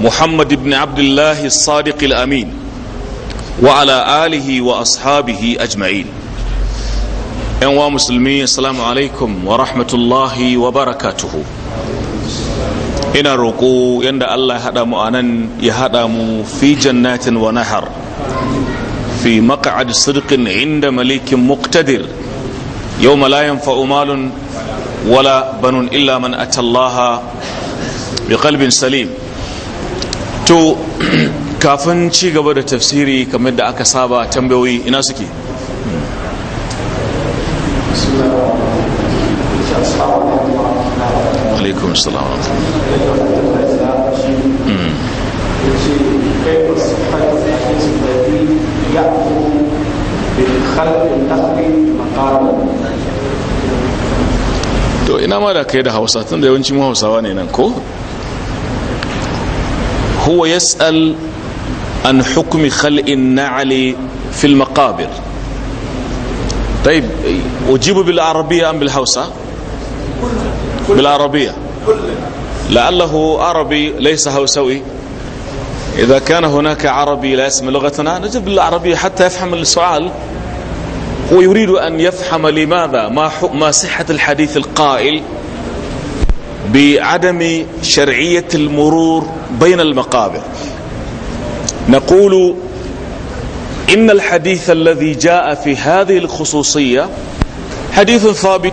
محمد بن عبد الله الصادق الأمين وعلى آله وأصحابه أجمعين أنواع مسلمين السلام عليكم ورحمة الله وبركاته ina roƙo yadda Allah ya haɗa mu ya haɗa mu fi jannatin wa nahar fi maq'ad sidqin inda malikin muktadir yau la yanfa'u malun wala banun illa man bi qalbin salim to kafin ci gaba da tafsiri kamar da aka saba tambayoyi ina suke alaikum salam to ina ma da kai da hausa tun da yawanci hausawa ne nan ko هو يسأل عن حكم خلء النعل في المقابر طيب أجيب بالعربية أم بالحوسة بالعربية لعله عربي ليس هوسوي إذا كان هناك عربي لا يسمع لغتنا نجيب بالعربية حتى يفهم السؤال هو يريد أن يفهم لماذا ما, ما صحة الحديث القائل بعدم شرعية المرور بين المقابر نقول إن الحديث الذي جاء في هذه الخصوصية حديث ثابت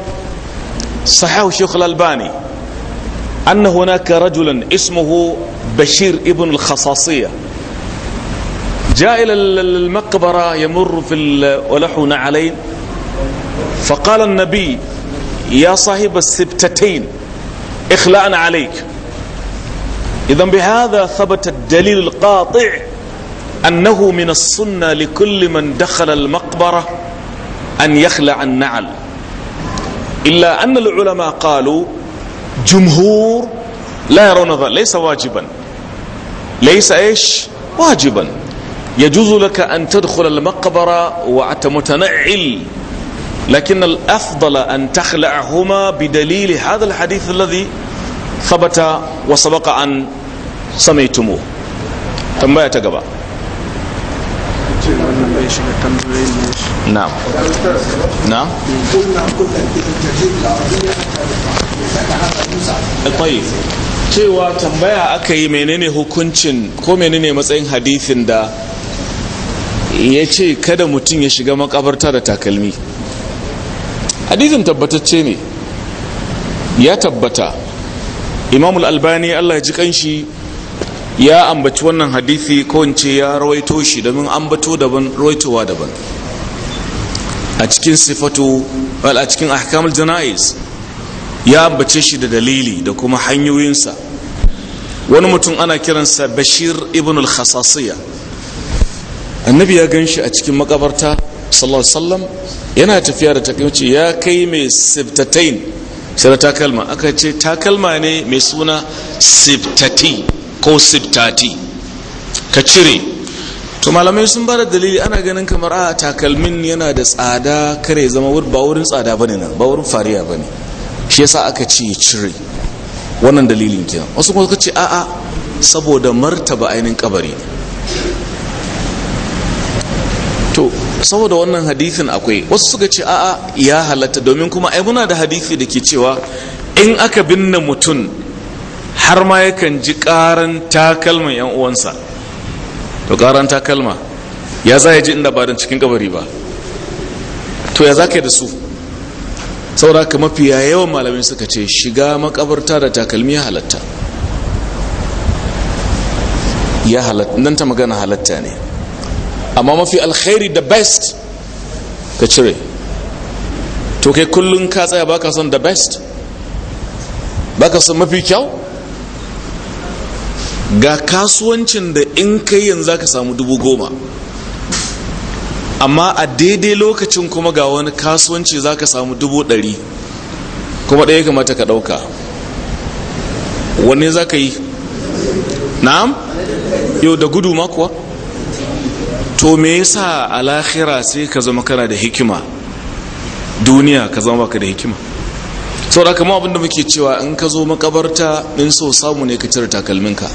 صححه الشيخ الألباني أن هناك رجلا اسمه بشير ابن الخصاصية جاء إلى المقبرة يمر في ولحون نعلين فقال النبي يا صاحب السبتتين إخلاء عليك إذا بهذا ثبت الدليل القاطع أنه من السنة لكل من دخل المقبرة أن يخلع النعل إلا أن العلماء قالوا جمهور لا يرون ذلك ليس واجبا ليس إيش واجبا يجوز لك أن تدخل المقبرة وأنت متنعل لكن الأفضل أن تخلعهما بدليل هذا الحديث الذي ثبت وسبق أن سميتموه تنبأ تقبأ نعم نعم طيب cewa tambaya aka yi menene hukuncin ko menene matsayin hadithin da ya ce kada mutum ya shiga makabarta da takalmi hadisin tabbatacce ne ya tabbata imam al-albani allah ya ji kanshi ya ambaci wannan hadisi ko ya rawaito shi domin ambato daban rawaitowa daban a cikin sifatu a cikin ahkamul jana'iz ya ambace shi da dalili da kuma hanyoyinsa wani mutum ana kiransa bashir ibn al-khasasiya annabi ya gan shi a cikin makabarta sallallahu alaihi yana tafiya da takaici ya kai mai sibtatain sai takalma aka ce takalma ne mai suna sibtati ko sibtati ka cire to malamai sun bada dalili ana ganin kamar a ah, takalmin yana da tsada kare zama ba wurin tsada bane nan ba wurin fariya bane shi yasa aka ce cire wannan dalilin kenan wasu kuma suka ce a'a saboda martaba ainihin kabari to saboda wannan hadithin akwai wasu suka ce a'a ya halatta domin kuma ai muna da hadithi da ke cewa in aka binne mutum har ma yakan ji karan takalman yan uwansa to karan takalma ya za ya ji inda ba cikin kabari ba to ya za ka da su saboda ka mafi yawan malamai suka ce shiga makabarta da takalmi ya halatta ya halatta nan ta magana halatta ne amma mafi alkhairi the best ka cire to kai kullum ka tsaya baka son the best baka son mafi kyau ga kasuwancin da in kai yanzu zaka samu dubu goma amma a daidai lokacin kuma ga wani kasuwanci zaka samu dubu dari kuma ɗaya kamata ka ɗauka wanne za ka yi na'am yau da gudu makuwa to me yasa a lahira sai ka zama kana da hikima duniya ka zama baka da hikima sau da kama abinda muke cewa in ka zo makabarta in so samu ne ka cire takalminka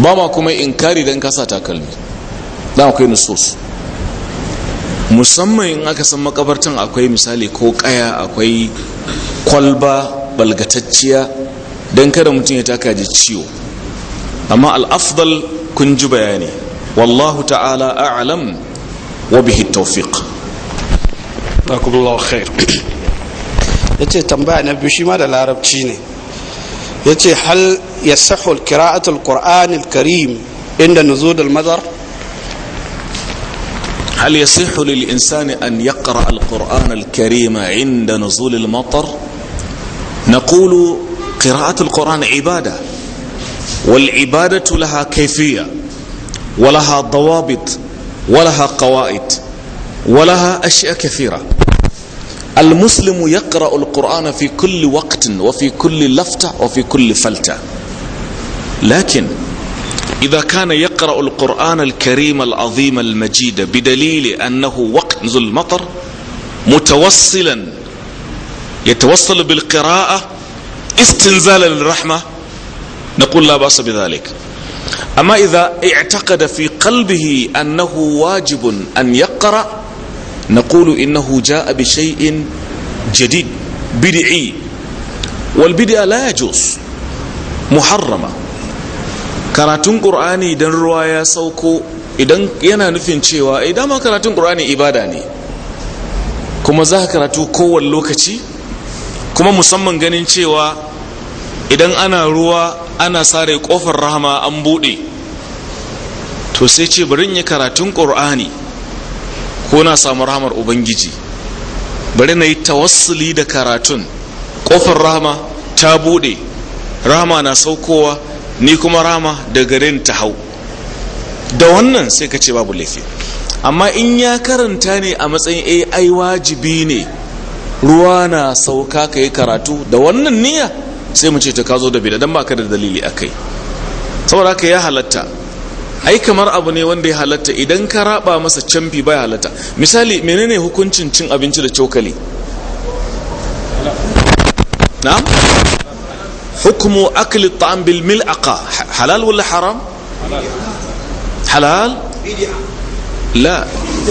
ba ma kuma inkari don kasa takalmi da akwai nusus musamman in aka san makabartan akwai misali ko kaya akwai kwalba balgatacciya don kada mutum ya taka ji ciwo amma al'afdal kun ji bayani والله تعالى أعلم وبه التوفيق أقول الله خير يتي tambaya na biyu shi ma da larabci ne yace hal yasahhu qira'atu al-qur'an هل يصح للإنسان أن يقرأ القرآن الكريم عند نزول المطر نقول قراءة القرآن عبادة والعبادة لها كيفية ولها ضوابط ولها قواعد ولها أشياء كثيرة المسلم يقرأ القرآن في كل وقت وفي كل لفتة وفي كل فلتة لكن إذا كان يقرأ القرآن الكريم العظيم المجيد بدليل أنه وقت نزول المطر متوصلا يتوصل بالقراءة استنزالا للرحمة نقول لا بأس بذلك amma idza i'taqada fi qalbihi annahu wajibun an yaqra naqulu innahu jaa bi shay'in jadid bid'i wal bid'a la yajuz muharrama karatun qur'ani dan ruwa ya sauko idan yana nufin cewa ai eh, dama karatun qur'ani ibada ne kuma za ka karatu kowane lokaci kuma musamman ganin cewa idan ana ruwa ana sare kofar rahama an bude. to sai ce bari yi karatun ƙur'ani ko na samu rahamar ubangiji bari na yi tawassuli da karatun kofar rahama ta bude. rahama na saukowa ni kuma rahama da garin ta hau da wannan sai ka ce babu laifi amma in ya karanta ne a matsayin eh, ai wajibi ne ruwa na sauka ka yi karatu da wannan niyya sai mu ce to ka zo da bid'a dan ka da dalili akai saboda haka ya halatta ai kamar abu ne wanda ya halatta idan ka raba masa canfi baya halatta misali menene hukuncin cin abinci da cokali na hukumu akli ta'am bil mil'aqa halal wala haram halal la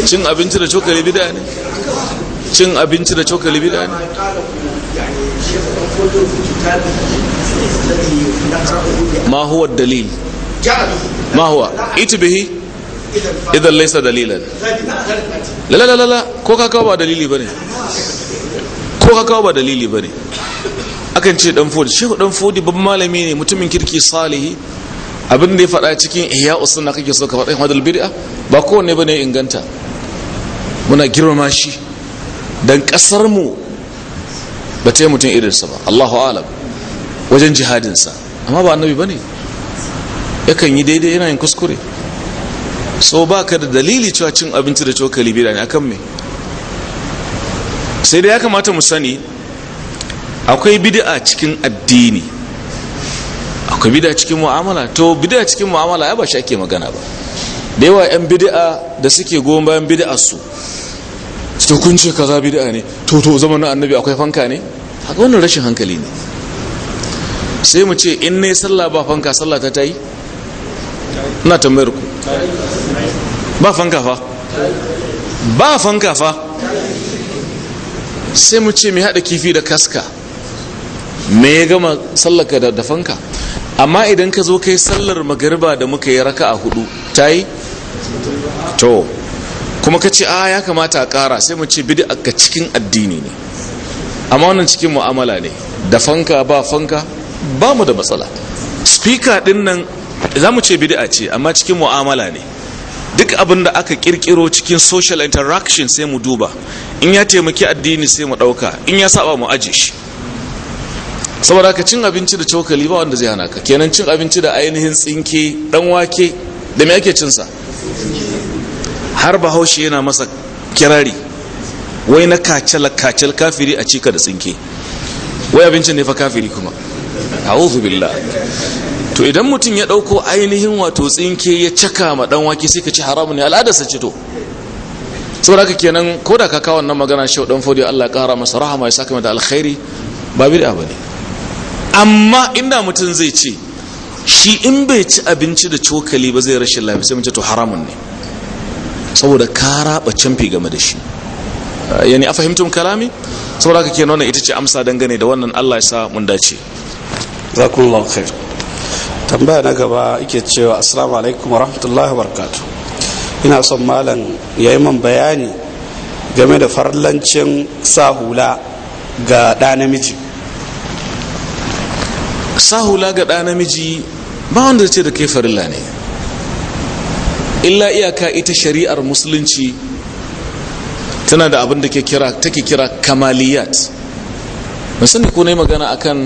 cin abinci da cokali bid'a ne cin abinci da cokali bid'a ne ما هو الدليل ما هو ائت به اذا ليس دليلا لا لا لا لا ko ka kawo ba dalili bane ko ka ba dalili bane akan ce dan fodi shehu dan fodi babban malami ne mutumin kirki salihi abin da ya faɗa cikin ihya usunna kake so ka faɗa hadal bid'a ba kowanne bane inganta muna girmama shi dan kasar mu ba ta yi mutum irinsa ba allahu alam wajen jihadinsa amma ba annabi ba ne yakan yi daidai yana yin kuskure so ba ka da dalili cewa cin abinci da cokali bida ne akan me sai dai ya kamata mu sani akwai bid'a cikin addini akwai bid'a cikin mu'amala to bid'a cikin mu'amala ya ba shi ake magana ba da yawa 'yan bid'a da suke goma bayan bid'a su to kun ce kaza bid'a ne to to zama na annabi akwai fanka ne haka wannan rashin hankali ne sai mu ce in ne sallah ba fanka sallah ta tayi na tambayar ku ba fanka fa ba fanka fa sai mu ce mai haɗa kifi da kaska me ya gama sallaka da, da fanka amma idan ka zo kai sallar magariba da muka yi raka a hudu ta yi to kuma ka ce a ya kamata a ƙara sai mu ce bidi a cikin addini ne amma wannan cikin mu'amala ne da fanka ba fanka ba mu da matsala speaker din nan za mu ce bid'a ce amma cikin mu'amala ne duk abin da aka kirkiro cikin social interaction sai mu duba in ya taimaki addini sai mu dauka in ya saba mu aje shi saboda ka cin abinci da cokali ba wanda zai hana ka kenan cin abinci da ainihin tsinke dan wake da me ake cin sa har bahaushe yana masa kirari wai na kacal kacal kafiri a cika da tsinke wai abincin ne fa kafiri kuma a'udhu billah to idan mutum ya dauko ainihin wato tsinke ya caka ma dan wake sai ka ci haramun ne alada ci to saboda haka kenan koda da ka kawo wannan magana shi dan fodi Allah kara masa rahama ya saka mata alkhairi ba bid'a bane amma inda mutum zai ce shi in bai ci abinci da cokali ba zai rashin lafiya sai mun ce to haramun ne saboda ka raba canfi game da shi yani a fahimtun kalami saboda haka ke wannan ita ce amsa dangane da wannan Allah ya sa mun dace zakullahu khair tambaya na gaba ke cewa assalamu alaikum wa rahmatullahi wa ina son malam yi man bayani game da farlancin sa hula ga ɗa namiji sa hula ga ɗa namiji ba wanda ce da kai farilla ne illa iyaka ita shari'ar musulunci tana da abin da ke kira take kira kamaliyat musamman ko ne magana akan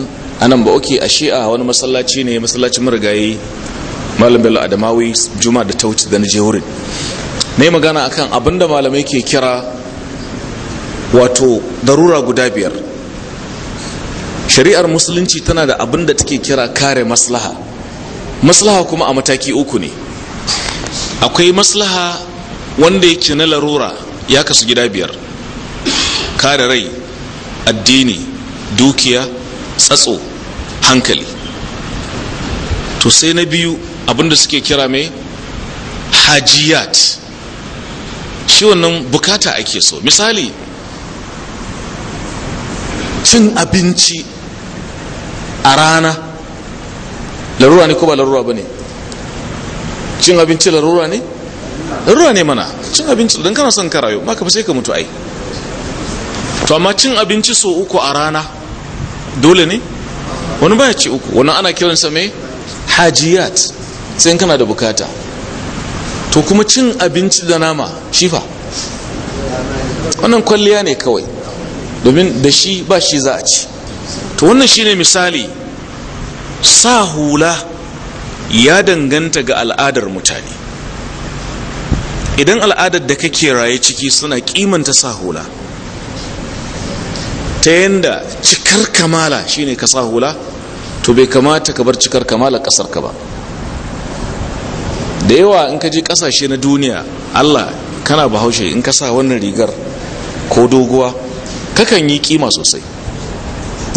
anan ba oke a shi'a wani masallaci ne masallacin marigayi malam bello adamawi juma da ta da na je wurin ne magana akan abin da malamai ke kira wato darura guda biyar shari'ar musulunci tana da abin da take kira kare maslaha maslaha kuma a mataki uku ne akwai maslaha wanda yake na larura ya kasu gida biyar kare rai addini dukiya tsatso hankali to sai na biyu abinda suke kira mai hajiyat shi wannan bukata ake so misali cin abinci a rana larura ne ko ba larura ba ne cin abinci larura ne ruwa ne mana cin abinci don kana son ka rayu maka fi sai ka mutu ai to amma cin abinci so uku a rana dole ne wani baya ci uku wani ana kiransa mai hajiyat sai kana da bukata to kuma cin abinci da nama shifa wannan kwalliya ne kawai domin da shi ba shi za a ci to wannan shine misali sa hula ya danganta ga al'adar mutane idan al'adar da kake raye ciki suna kimanta sa hula ta yanda cikar kamala shine ka sa hula to bai kamata ka bar cikar kamala kasar ka ba da yawa in ka je kasashe na duniya allah kana bahaushe in ka sa wannan rigar ko doguwa kakan yi kima sosai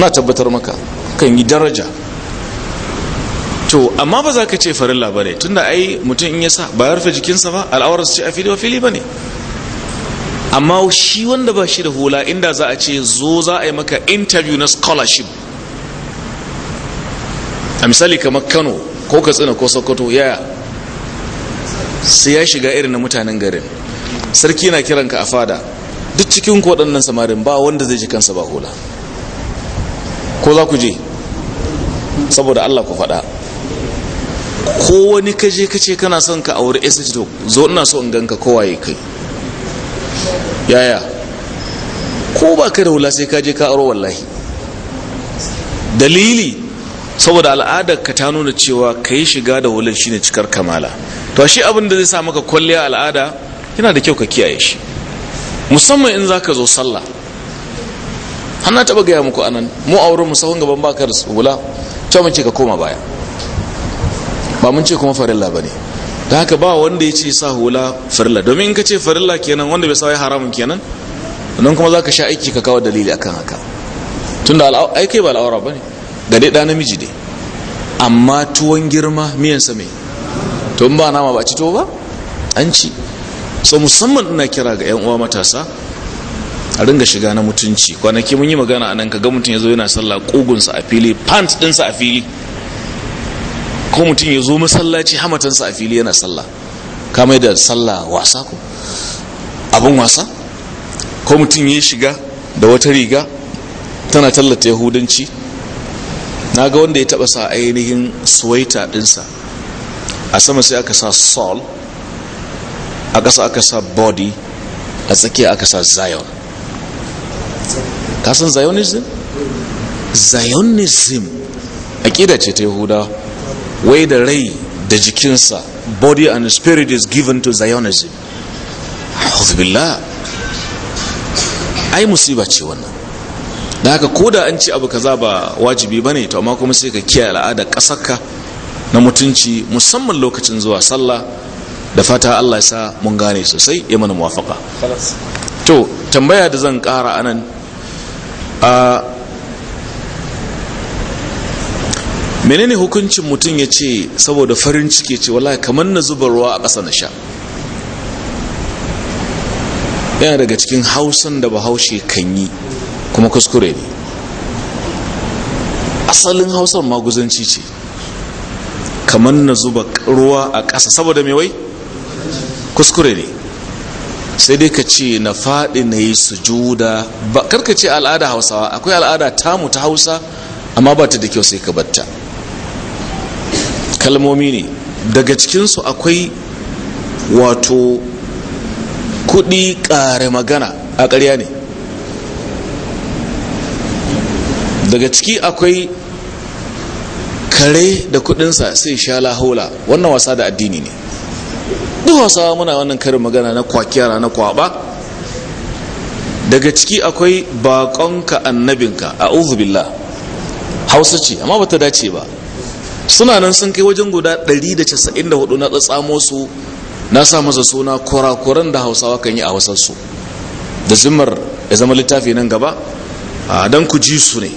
na tabbatar maka kan yi daraja to amma ba za ka ce farin labarai tunda ai mutum in ya sa ba ya rufe jikinsa ba su ce a fili wa fili ba ne amma shi wanda ba shi da hula inda za a ce zo za a yi maka interview na scholarship a misali kamar kano ko katsina ko sokoto ya sai ya shiga irin na mutanen garin sarki na ka a fada duk cikin waɗannan samarin ba wanda zai ji kansa ba hula ko za ku je saboda allah ku faɗa ko wani kaje kace kana son ka aure ya sace zo ina so in ganka ya kai yaya ko ba ka da hula sai ka je ka aure wallahi dalili saboda al'adar ka ta nuna cewa ka yi shiga da hular shine cikar kamala to shi abin da zai sa maka kwalliya al'ada yana da kyau ka kiyaye shi musamman in zaka zo sallah hannata ba taba gaya muku anan mu auren mu sahun gaban baka da wula, cewa mace ka koma baya ba mun ce kuma farilla ba ne da haka ba wanda ya ce sa hula farilla domin in ka ce farilla kenan wanda bai sa ya haramun kenan nan kuma za ka sha aiki ka kawo dalili akan haka tunda aiki ba al'aura ba ne ga dai ɗa namiji ne amma tuwon girma miyan me, mai tuwon ba nama ba ci tuwo ba an ci so musamman ina kira ga 'yan uwa matasa a ringa shiga na mutunci kwanaki mun yi magana a nan ka ga mutum ya zo yana sallah kugunsa a fili pants ɗinsa a fili ko mutum ya zo masallaci hamatansa a fili yana sallah kamar da sallah wasa ko abin wasa ko mutum ya shiga da wata riga tana tallata yahudanci na ga wanda ya taba sa ainihin suwaita dinsa a sama sai aka sa sol a ƙasa aka sa body a tsakiya aka sa zion kasan zionism zionism a ce ta yahudawa wai da rai da jikinsa body and spirit is given to zionism billah ai musiba ce wannan da haka ko da an ce abu kaza ba wajibi ba ne to amma kuma sai ka kiyaye al'adar ƙasarka na mutunci musamman lokacin zuwa sallah da fata allah ya sa mun gane sosai ya mana muwafaka to tambaya da zan ƙara anan a menene hukuncin mutum ya ce saboda farin ciki ce wala kamar na zuba ruwa a ƙasa na sha yana daga cikin hausan da bahaushe kan yi kuma kuskure ne asalin hausar maguzanci ce kamar na zuba ruwa a ƙasa saboda mai wai kuskure ne sai dai ka ce na faɗi na yi sujuda ba karka ce al'ada hausawa akwai al'ada tamu ta hausa amma ba ta da kyau sai ka batta kalmomi ne daga cikinsu akwai wato kudi ƙare magana a ƙarya ne daga ciki akwai kare da kudinsa sai sha lahola wannan wasa da addini ne duk wasa muna wannan karin magana na kwakiyara na kwaba daga ciki akwai bakonka annabinka a billah hausa ce amma bata dace ba suna nan sun kai wajen guda 194 na tsatsamo su na sa masa suna kurakuran da hausawa kan yi a wasansu da zimmar ya zama littafi nan gaba don ku ji su ne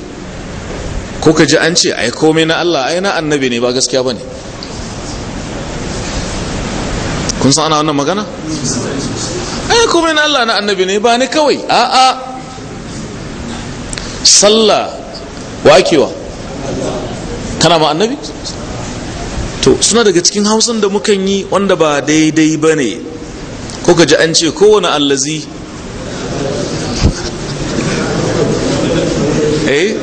ko ka ji an ce ai komai na allah ai na annabi ne ba gaskiya ba ne kun san ana wannan magana? ai komai na allah na annabi ne ba ni kawai a'a sallah wakewa kana ma annabi to suna daga cikin hausan da mukan yi wanda ba daidai ba ne ko ka ji an ce kowane allazi eh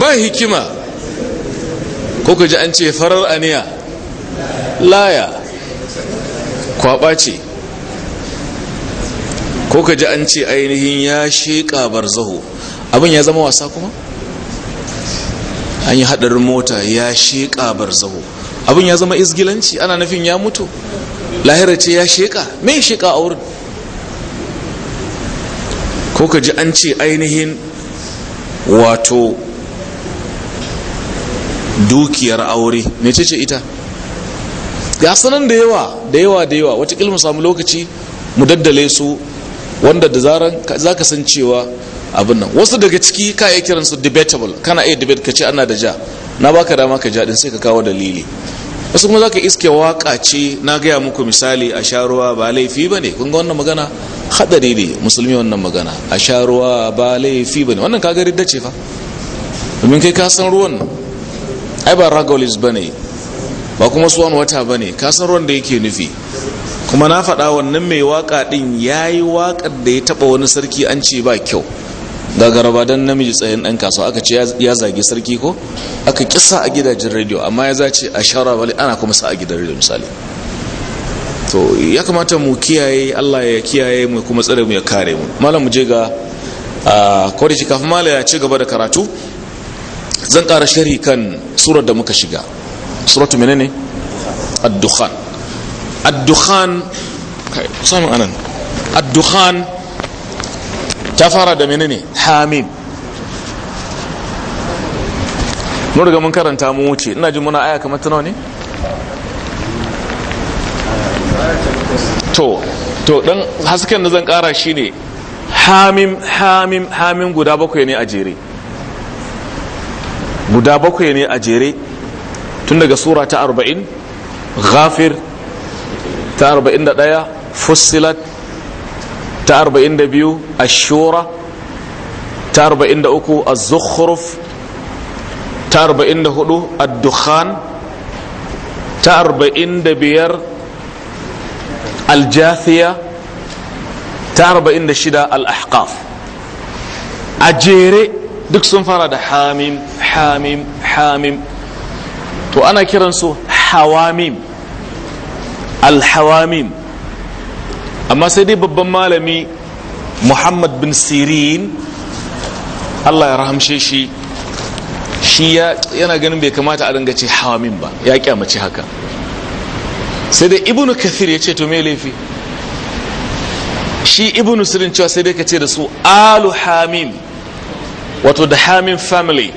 ba hikima ko ka ji an ce farar aniya laya kwaba ce ko ka ji an ce ainihin ya sheƙa barzaho abin ya zama wasa kuma? an yi hadarin mota ya sheƙa zaho. abin ya zama izgilanci ana nufin ya mutu lahira ce ya sheƙa me sheƙa a wurin ko ka ji an ce ainihin wato dukiyar aure mece ce ita ga sanan da yawa da yawa da yawa wata mu samu lokaci mu daddale su wanda da zaran za ka san cewa abin nan wasu daga ciki ka iya kiran su debatable kana iya debate ka ce ana da ja na baka dama ka ja din sai ka kawo dalili wasu kuma zaka iske waka ce na gaya muku misali a sharuwa ba laifi ba ne kun ga wannan magana hadari ne musulmi wannan magana a sharuwa ba laifi ba ne wannan kaga ridda ce fa domin kai ka san ruwan ai ba ragolis ba ne ba kuma suwan wata ba ne ka san ruwan da yake nufi kuma na faɗa wannan mai waka ɗin ya yi waƙar da ya taɓa wani sarki an ce ba kyau da garaba don namiji tsayin ɗan kasuwa aka ce ya zagi sarki ko aka kisa a gidajen rediyo amma ya zace a shara wale ana kuma sa a gidan rediyo misali to ya kamata mu kiyaye allah ya kiyaye mu kuma tsare mu ya kare mu malam mu je ga shi kafin malam ya ci gaba da karatu zan ƙara sharhi kan surar da muka shiga suratu menene ad-dukhan ad-dukhan anan ad-dukhan ta fara da menene hamim mun riga mun karanta mu wuce ina jin muna aya kamar ta nawa ne to to dan hasken da zan kara shine hamim hamim hamim guda bakwai ne a jere guda bakwai ne a jere tun daga sura ta 40 ghafir ta 41 fussilat ta arba'in da biyu a shura ta arba'in da uku a zukhruf ta arba'in da hudu a dukhan ta arba'in 45 al-jathiya ta 46 al-ahqaf a jere duk sun fara da hamim hamim hamim to ana kiransu hawamim al-hawamim amma sai dai babban malami muhammad bin sirin allah ya rahamshe shi shi yana ganin bai kamata a dangace hawamin ba ya kyamace haka sai dai ibnu kathir ya ce to mai laifi shi ibnu sirin cewa sai dai ka ce da su alu hamim wato da hamim family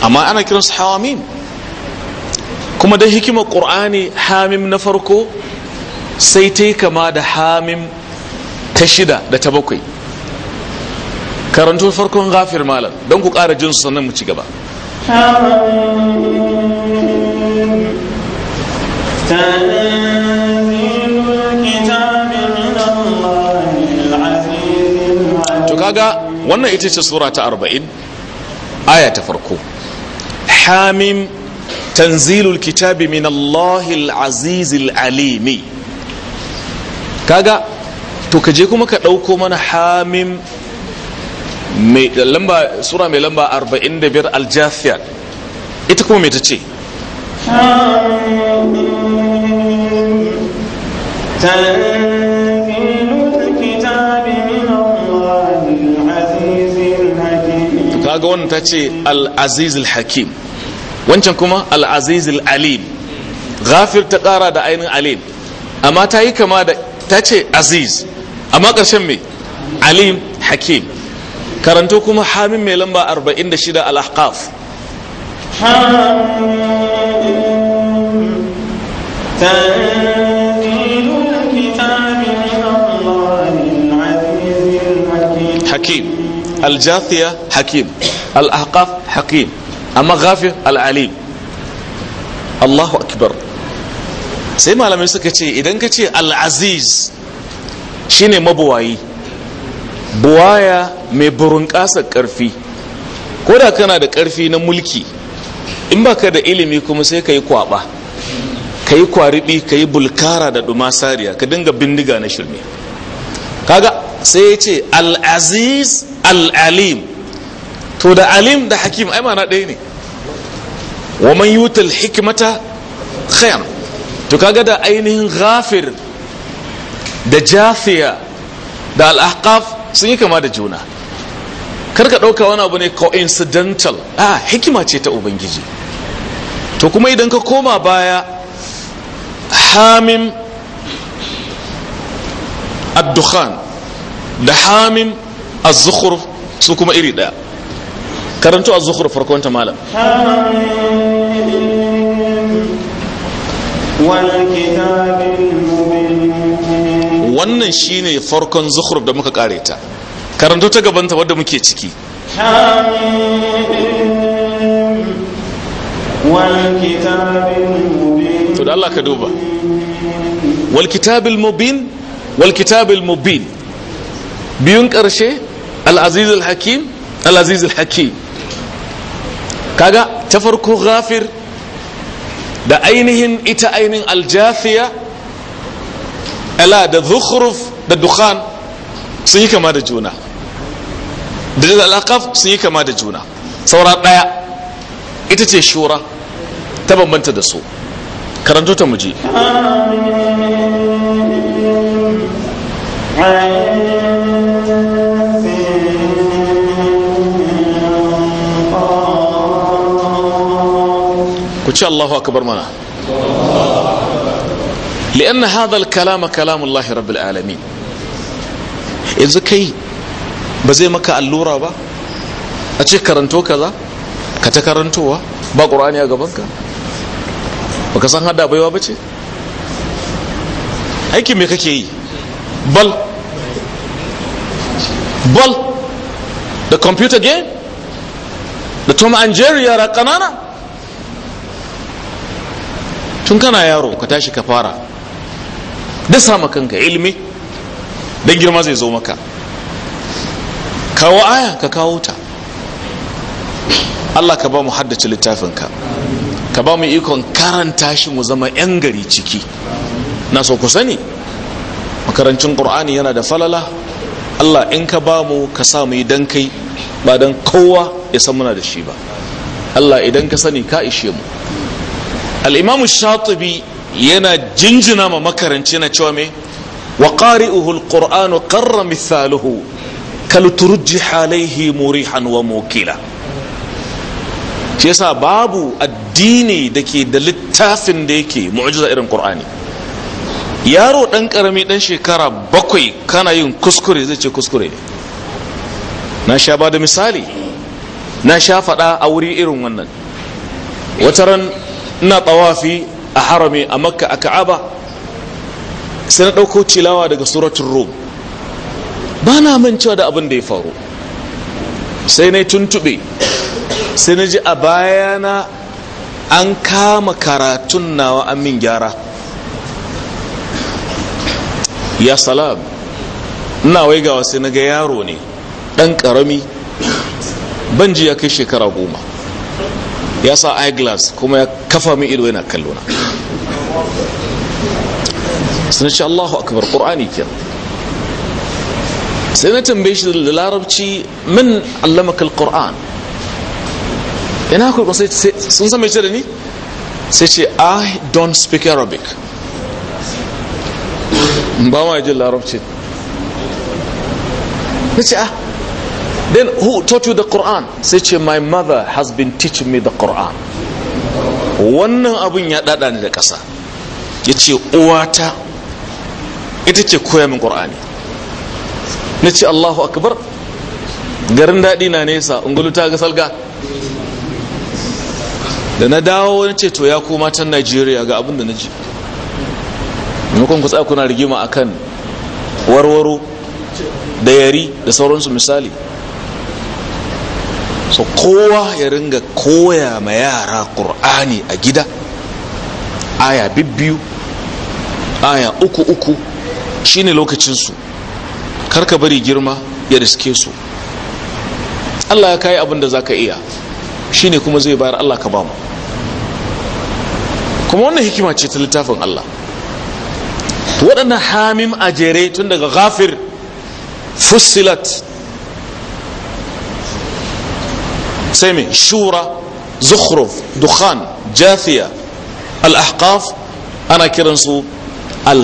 amma ana kiransu hawamin kuma dai hikimar ƙur'ani hamim na farko sai ta yi kama da hamim ta shida da ta bakwai Karantun farkon gafir malam don ku ƙara jinsu sannan mu ci gaba to kaga wannan ita ce sura ta 40 aya ta farko hamim tanzilul kitabi min allahil azizil alimi kaga to ka je kuma ka ɗauko mana hamim mai lamba sura mai lamba 45 aljafiyar ita kuma mai ta ce kaga wannan ta ce al-aziz al-hakim wancan kuma al-aziz al-alim ghafir ta kara da ainihin alim amma ta yi kama da ta ce aziz amma ƙarshen mai alim hakim karanto kuma hamin mai lamba 46 al-ahqaf حكيم الجاثية حكيم الأحقاف حكيم أما غافر العليم الله sai malamai suka ce idan ka ce al'aziz shine mabuwayi buwaya mai burin ƙasar ƙarfi ko da kana da ƙarfi na mulki in baka da ilimi kuma sai ka yi kwaɓa ka yi kwaribi ka yi bulkara da dumasariya ka dinga bindiga na shirme kaga sai ya ce al'aziz al'alim to da alim da hakim ai mana ɗaya ne wa man wutar hikmata khayr to kaga da ainihin ghafir da jafiya da al'ahqaf sun yi kama da juna karka ɗauka wani abu ne coincidental a hikima ce ta ubangiji to kuma idan ka koma baya hamim addukhan da hamim azukhur su kuma iri ɗaya karanto azukhur zukhruf farkon ta malam hamim wannan shine farkon zuhruf da muka kare ta karanto ta gabanta wadda muke ciki to da Allah ka duba wal kitabil mubin wal kitabil mubin biyun karshe al aziz al hakim al aziz al hakim kaga ta farko ghafir da ainihin ita ainihin Aljafiya, ala da zukhruf da dukhan sun yi kama da juna da alaqaf sun yi kama da juna saura daya ita ce shura ta bambanta da su karanto ta muji amin ku ce Allahu akbar mana li'anna hadha al-kalama kalamu Allah rabbil alamin yanzu kai ba zai maka allura ba a ce karanto kaza ka ta baka san hada baiwa bace aikin me kake yi bal bal the computer game da tom and jerry yara kanana tun kana yaro ka tashi ka fara da sama kanka ilimi don girma zai zo maka kawo aya ka kawo ta Allah ka ba mu haddace littafin ka ba mu ikon karanta shi mu zama 'yan gari ciki na so ku sani makarancin ƙur'ani yana da falala Allah in ka ba mu ka sa mu yi kai ba don kowa ya san muna da shi ba Allah idan ka sani ka ishe mu al'imamu shatibi yana jinjina ma makaranci na cewa me wa ƙari'uhul ƙor'anu ƙarra misaluhu kalturji halaihi murihan wa mokila shi yasa babu addini da ke da littafin da yake mu'ujiza irin ƙor'ani yaro ɗan ƙarami ɗan shekara bakwai kana yin kuskure zai ce kuskure na sha ba misali na sha faɗa a wuri irin wannan wataran ina tawafi a harami a makka a ka'aba sai na ɗauko cilawa daga suratun rum ba na mancewa da abin da ya faru sai na yi tuntube sai na ji a bayana an kama karatun nawa min gyara ya salam ina waigawa sai na ga yaro ne ɗan ƙarami ban ji ya kai shekara goma ya sa eyeglass kuma ya kafa min ido yana kallo na sun ce Allahu akbar qur'ani ke sai na tambaye shi da larabci min allamaka alquran ina ku sai sun san me ce da ni sai ce i don't speak arabic ba ma jin larabci nace ah then who taught you the Quran sai ce my mother has been teaching me the Quran wannan abun ya dada ni da ƙasa yace ce uwata ita ce koya min ƙur'ani nace Allahu akbar garin daɗi na nesa ungulu ta ga salga da na dawo nace to ya koma ta Najeriya ga abin da na ji maimakon ku tsaya kuna rigima akan warwaro da yari da sauransu misali so kowa ya ringa koya ma yara ƙur'ani a gida aya bibbiyu aya uku uku shine lokacinsu karka bari girma ya riske su Allah ya kayi abin za ka iya shine kuma zai bayar Allah ka ba mu kuma wannan hikima ce ta littafin Allah waɗannan hamim a jere tun daga ghafir fusilat sai mai shura zukhruf dukhan jafiya al ana kiransu al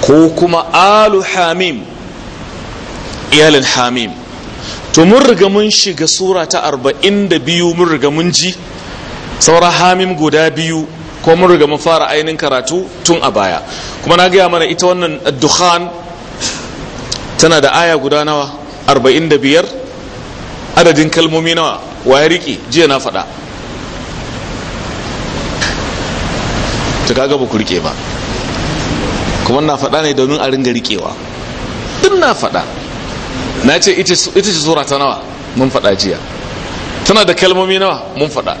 ko kuma alu iyalin hamim to mun riga mun shiga sura ta arba'in da biyu mun riga mun ji saura hamim guda biyu ko mun riga mun fara ainihin karatu tun a baya kuma na gaya mana ita wannan dukhan tana da aya guda nawa arba'in da biyar adadin kalmomi nawa wa ya riƙe jiya na faɗa ta kaga ba ku riƙe ba kuma na faɗa ne domin a ringa riƙewa duk na faɗa na ce ita ce tsora ta nawa mun faɗa jiya tana da kalmomi nawa mun faɗa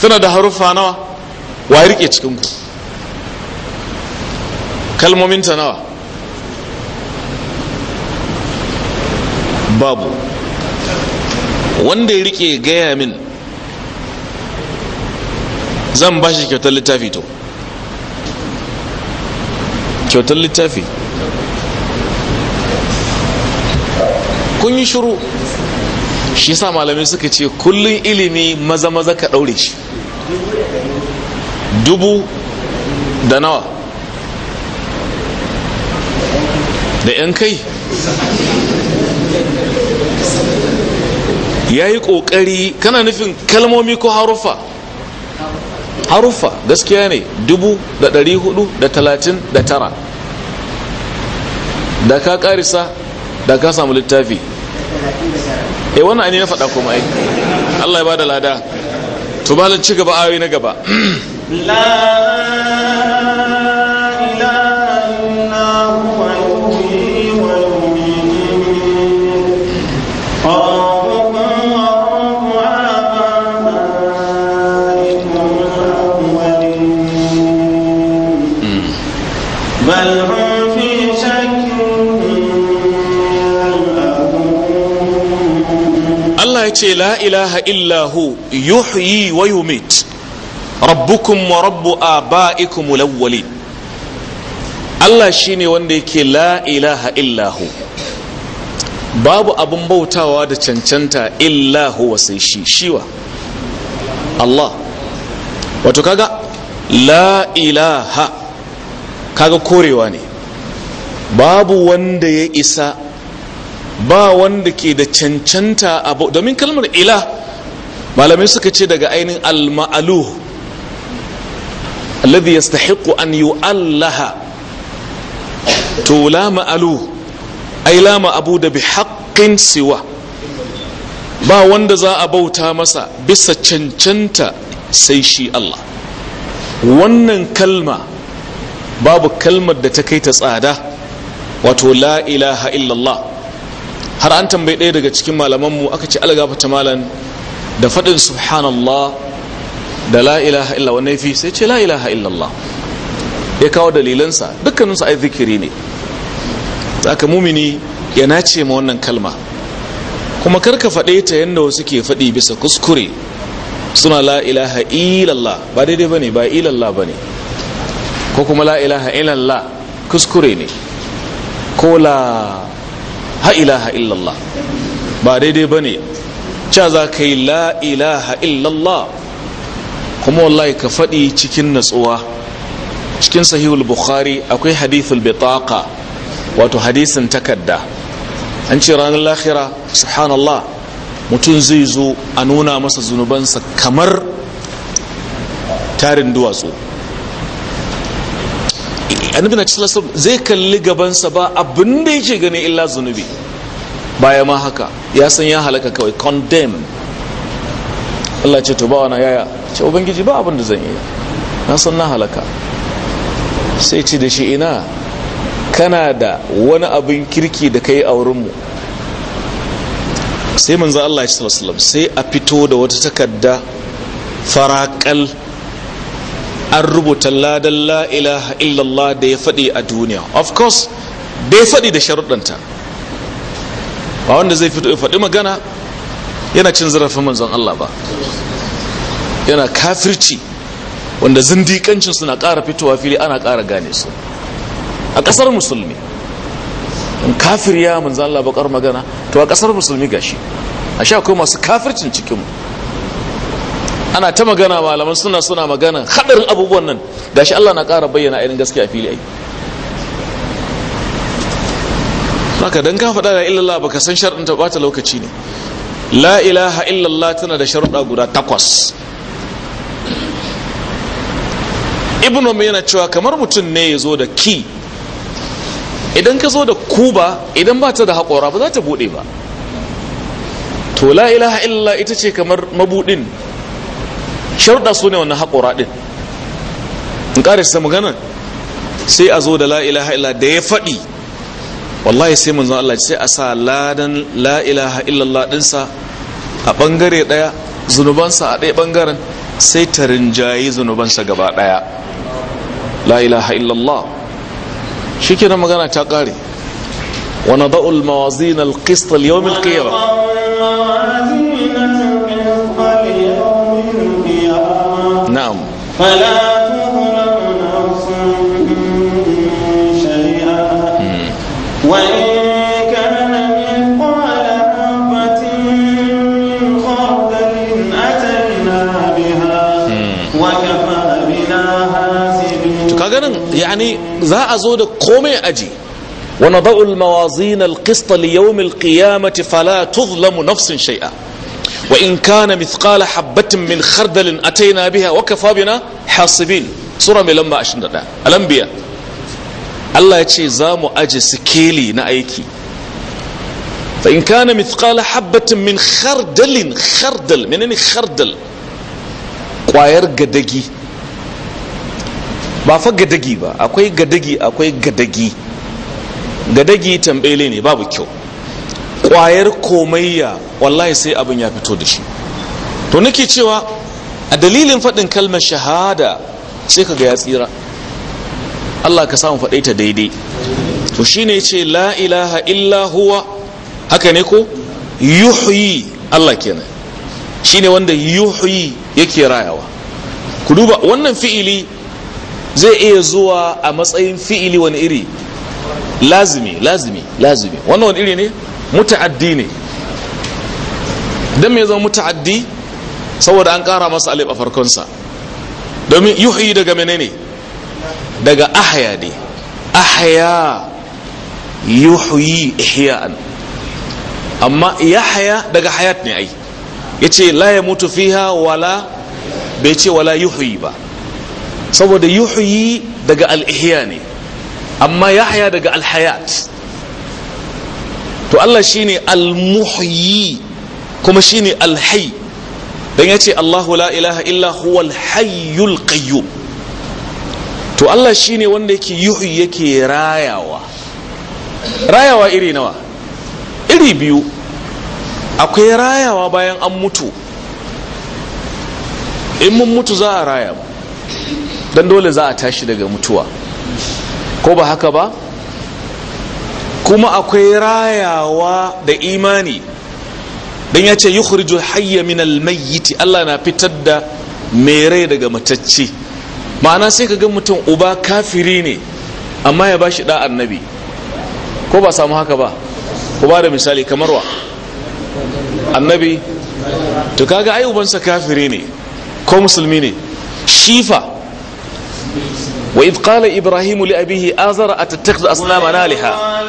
tana da haruffa nawa wa ya riƙe cikinku kalmominta nawa babu wanda ya rike gaya min zan ba shi kyautar littafi to kyautar littafi kun yi shuru shi sa malamai suka ce kullum ilimi maza-maza ka ɗaure shi dubu da nawa da 'yan kai ya yi ƙoƙari kana nufin kalmomi ko haruffa haruffa gaskiya ne dubu da ɗari hudu da talatin da tara da ka ƙarisa da ka samu littafi e wannan ainihin na faɗa kuma ai Allah ya ba da lada tubalin ci gaba ayoyi na gaba ce la ilaha illahu yuhyi wa yumit rabbukum wa rabbu abaikum al-awwalin Allah shine wanda yake la ilaha illahu babu abun bautawa da cancanta illahu wa sai shi shiwa Allah wato kaga la ilaha kaga korewa ne babu wanda ya isa ba wanda ke da cancanta abu domin kalmar ila malamai suka ce daga ainihin alma'alu alladhi yastahiqu an yu'allaha to la ma'alu ai la ma'abu da bi haqqin siwa ba wanda za a bauta masa bisa cancanta sai shi Allah wannan kalma babu kalmar da ta kai ta tsada wato la ilaha illallah har an tambayi ɗaya daga cikin malamanmu aka ce algafata malan da faɗin subhanallah da la ilaha illa wa fi sai ce la ilaha illallah ya kawo dalilansa dukkaninsu ai zikiri ne aka mumini ya nace ma wannan kalma kuma karka faɗe ta yadda wasu ke faɗi bisa kuskure suna la ilaha illallah ba daidai bane ba illallah bane ko kuma la ilaha illallah kuskure ne ko la ha ilaha illallah ba daidai ba ne ca za ka yi la ilaha illallah kuma wallahi ka faɗi cikin natsuwa cikin sahihul bukhari akwai hadithul bitaqa wato hadisin takadda an ce ranar lahira subhanallah mutum zai zo a nuna masa zunubansa kamar tarin duwatsu annabi na cikin lasar zai kalli gabansa ba abin da yake gani illa zunubi baya ma haka ya san ya halaka kawai condemn Allah ce to ba wani yaya ce ubangiji ba abin da zan yi. na san na halaka sai ce da shi ina kana da wani abin kirki da ka yi a wurinmu sai manzan Allah ya sallallahu sai a fito da wata takarda farakal an rubuta ladan la ilaha illallah da ya faɗi a duniya of course da ya faɗi da sharuɗanta ba wanda zai fito ya faɗi magana yana cin zarafin manzon Allah ba yana kafirci wanda zindiƙancin suna ƙara fitowa fili ana ƙara gane su a ƙasar musulmi in kafir ya manzon Allah ƙar magana to a ƙasar musulmi gashi a sha akwai masu kafircin cikinmu ana ta magana malaman suna suna magana hadarin abubuwan nan shi Allah na ƙara bayyana ainihin gaskiya a fili ai maka don ka faɗa da illallah baka san sharɗin ta bata lokaci ne la ilaha illallah tana da sharuɗa guda takwas ibn yana cewa kamar mutum ne ya zo da ki idan ka zo da kuba idan ba ta da haƙora ba za ta buɗe ba to la ilaha illallah ita ce kamar mabuɗin sharuɗa su ne wannan haƙora ɗin in ƙarisa magana? sai a zo da la'ilaha illa da ya faɗi wallahi sai mun zama Allah sai a sa ladan la'ilaha illallah ɗinsa a ɓangare ɗaya zunubansa a ɗaya ɓangaren sai ta rinjayi zunubansa gaba ɗaya la'ilaha illallah shi kira magana ta ƙare wani da'ul mawazin alƙistal yau milƙiyar فلا تظلمن شيئا hmm. وإن كان من قال حبة من خردل أتينا بها hmm. وكفى بنا haganan yani za a zo da komai aji wa nadau al mawazin al qist li yawm al qiyamah fala tuzlamu nafsun shay'a wa in kana mithqala habbatin min khardalin ataina biha wa kafa bina hasibin sura mai lamba 21 alambiya Allah ya ce za mu aje sikeli na aiki fa in kana min khardalin kwayar ba fa gadagi ba akwai gadagi akwai gadagi gadagi tambele ne babu kyau kwayar komayya wallahi sai abin ya fito da shi to nake cewa a dalilin faɗin kalmar shahada sai ka ga ya tsira Allah ka samu faɗai ta daidai to shine ce la ilaha illa huwa haka ne ko yuhyi Allah kenan shine wanda yuhyi yake rayawa ku duba wannan fi'ili zai iya zuwa a matsayin fi'ili wani iri lazimi lazimi lazimi wannan wani iri ne muta'addi ne dan me zama muta'addi saboda an kara masa alif a farkonsa domin yuhyi daga menene daga ahya ne ahya yuhyi ihya'an amma yahya daga hayat ne ai yace la yamutu fiha wala bai ce wala yuhyi ba saboda yuhyi daga al-ihya ne amma yahya daga al-hayat to Allah shine al-muhyi kuma shine al-hayy dan yace Allahu la ilaha illa huwal hayyul qayyum to Allah shine wanda yake yuhyi yake rayawa rayawa iri nawa iri biyu akwai rayawa bayan an mutu in mun mutu za a raya dan dole za a tashi daga mutuwa ko ba haka ba kuma akwai rayawa da imani don ya ce yukhrijul hayya min almayiti Allah na fitar da mai daga matacce ma'ana sai ka ga mutum uba kafiri ne amma ya bashi da annabi ko ba samu haka ba ku ba da misali kamar wa annabi to kaga ai ubansa kafiri ne ko musulmi ne shifa وإذ قال إبراهيم لأبيه آزر أتتخذ أصنامنا لها قال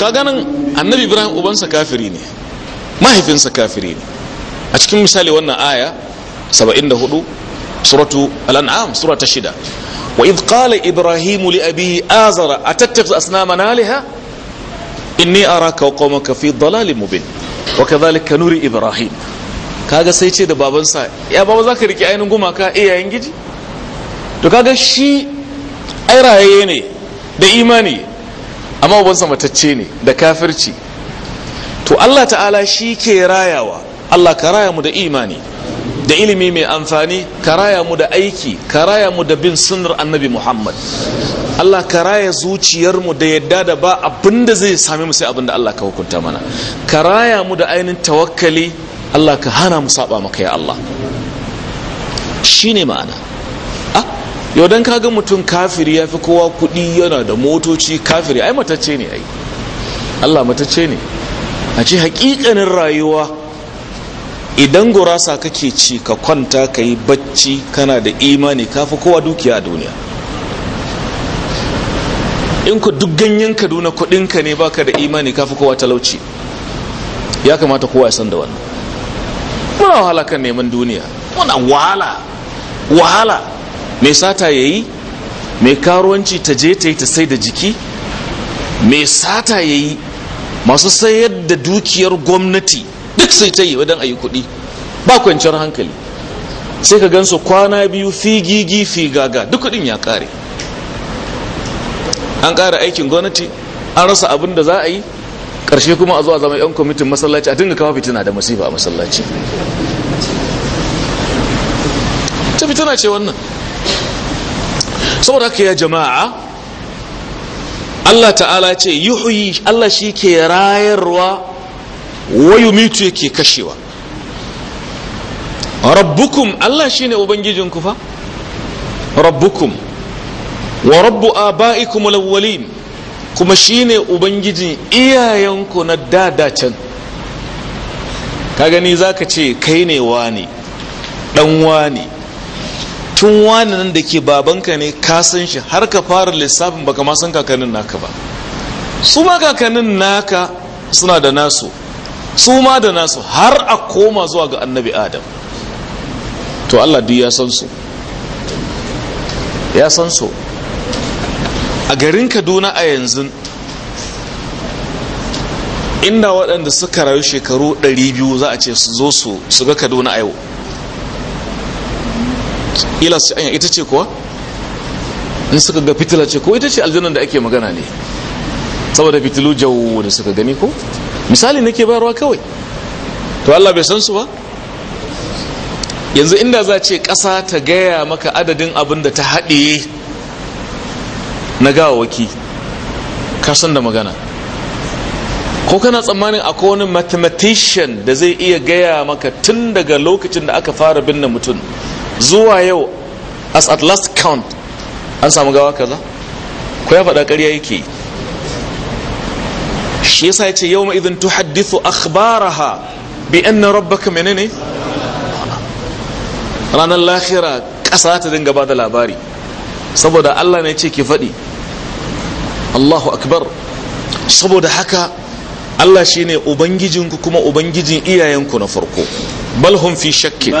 ka ganin annabi ibrahim ubansa kafiri ne mahaifinsa kafiri ne a cikin misali wannan aya 74 suratu al'an'am sura shida Wa li abihi azara لأبيه asnama أتتخذ inni araka wa qawmaka fi dhalalin mubin wa kadhalika nuri ibrahim kaga sai ce da babansa ya baba za ka riƙe ainihin gumaka iyayen eh, giji to kaga shi ai rayaye ne da imani amma babansa matacce ne da kafirci to Allah ta'ala shi ke rayawa Allah ka raya mu da imani da ilimi mai amfani karaya mu da aiki karaya mu da bin sunar annabi muhammad Allah karaya zuciyarmu da yadda da ba abinda zai sami mu sai abinda Allah ka hukunta mana karaya mu da ainihin tawakkali Allah ka hana mu saba maka ya Allah Shi ne ma'ana a ah, yau dan kaga mutum kafiri ya fi kowa kuɗi yana da motoci kafiri ai matacce ne ai Allah matacce ne a ce hakikanin rayuwa idan gurasa kake ci ka kwanta ka yi bacci kana da imani kafa kowa dukiya a duniya in ku duk ganyen kaduna kudinka ne baka da imani kafa kowa talauci ya kamata kowa ya san da wannan muna wahala kan neman duniya muna wahala wahala mai sata ya yi mai karuwanci ta je ta yi ta sai da jiki mai sata ya yi masu sayar da dukiyar gwamnati duk sai ta yi wadan a yi kuɗi ba kwanciyar hankali sai ka gansu kwana biyu fi gigi fi gaga duk kudin ya kare. an kare aikin gwamnati an rasa abin da za a yi karshe kuma a zuwa zama yan kwamitin masallaci a dinga kawo fitina da masifa a masallaci ta fitina ce wannan saboda haka ya jama'a Allah ta'ala ce yuhyi Allah shi ke rayarwa wayu mitu yake kashewa rabbukum Allah shine ubangijinku fa rabbukum wa rabbu aba'ikum alawwalin kuma shine ubangijin iyayenku na dadacen ka gani zaka ce kai ne wani dan wani tun wani nan da ke babanka ne ka san shi har ka fara lissafin baka ma san kakannin naka ba su ma kakannin naka suna da nasu su ma da nasu har a koma zuwa ga annabi adam to allah duk ya san su ya san su a garin kaduna a yanzu inda waɗanda suka rayu shekaru 200 za a ce su zo su su ga kaduna a yau ila su anya ita ce kuwa in suka ga fitila ce ko ita ce aljanar da ake magana ne saboda fitilu jawo da suka gani ko misali nake bayarwa kawai to Allah bai san su ba yanzu inda za ce ƙasa ta gaya maka adadin abin da ta haɗiye na gawawaki kasan da magana ko kana tsammanin akwai wani mathematician da zai iya gaya maka tun daga lokacin da aka fara binne mutum zuwa yau as at last count an samu gawa kaza ko ya faɗa ƙarya yake yi shi yasa ya ce yau ma idin tuhaddithu akhbaraha bi anna rabbaka menene ranar lahira kasa ta dinga ba da labari saboda Allah ne ce ki faɗi Allahu akbar saboda haka Allah shi ne ubangijinku kuma ubangijin iyayenku na farko bal fi shakkin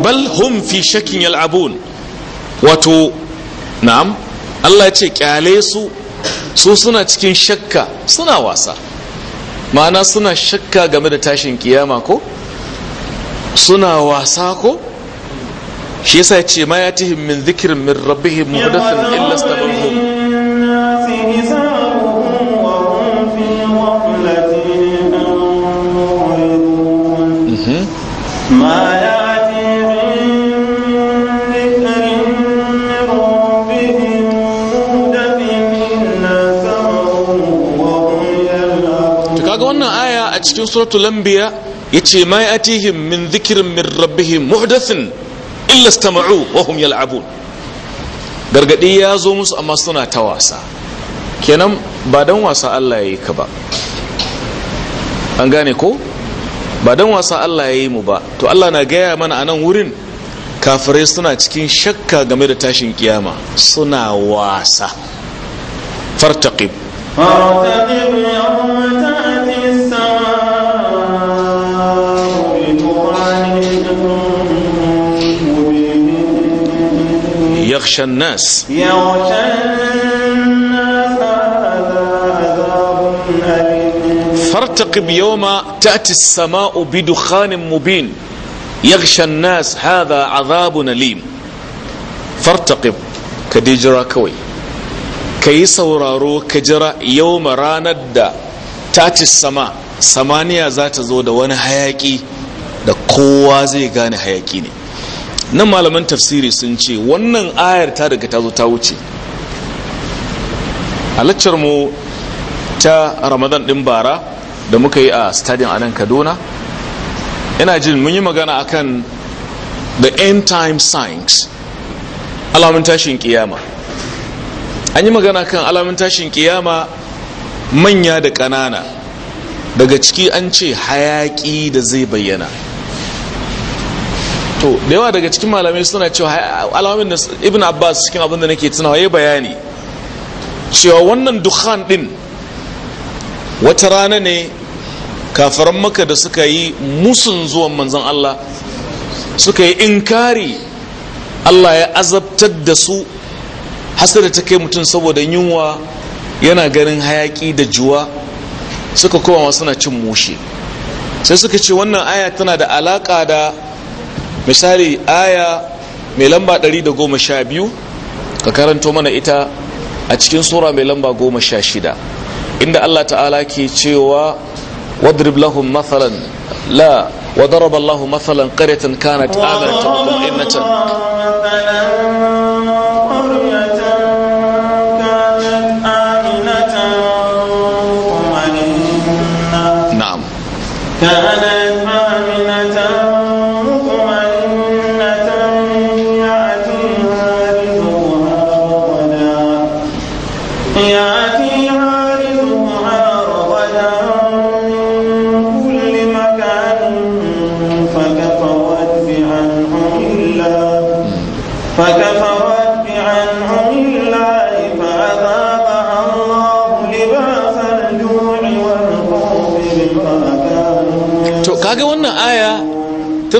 bal fi shakkin yal'abun wato na'am Allah ce kyale su su suna cikin shakka suna wasa ma'ana suna shakka game da tashin kiyama ko suna wasa ko shi yasa ya ce ma ya tihim min zikirin min rabbihim muhdathin illa stabanhum mm-hmm. My mm-hmm. cikin suratul ya yace ma yatihim min zikirin min rabbihim muhdathin illa istama'u wa hum yal'abun gargadi ya zo musu amma suna ta wasa kenan ba dan wasa Allah yayi ka ba an gane ko ba dan wasa Allah ya yi mu ba to Allah na gaya mana anan wurin kafirai suna cikin shakka game da tashin kiyama suna wasa fartaqib fartaqib يغشى الناس يغشى الناس هذا عذاب أليم فارتقب يوم تأتي السماء بدخان مبين يغشى الناس هذا عذاب أليم فارتقب كديجرا كوي كي سورارو كجرا يوم راند تأتي السماء samaniya za ta zo da wani hayaki da kowa zai gane hayaki ne nan malaman tafsiri sun ce wannan ayar ta daga ta zo ta wuce a mu ta ramadan din bara da muka yi a stadium a nan kaduna ina jin mun yi magana akan the end time signs alamun tashin kiyama an yi magana kan alamun tashin kiyama manya da kanana daga ciki an ce hayaƙi da zai bayyana to da yawa daga cikin malamai suna cewa alamomin da ibn abbas cikin abin da nake tunawa ya bayani cewa wannan dukhan din wata rana ne kafaran maka da suka yi musun zuwan manzon allah suka yi inkari allah ya azabtar da su hasada da ta kai mutum saboda yunwa yana ganin hayaki da juwa suka koma suna cin mushe sai suka ce wannan aya tana da alaƙa da misali aya mai lamba 112 ka karanto mana ita a cikin sura mai lamba 16 inda Allah ta'ala ke cewa wadrib lahum mathalan la وضرب الله مثلا قرية كانت آمنة مطمئنة Na'am. كانت آمنة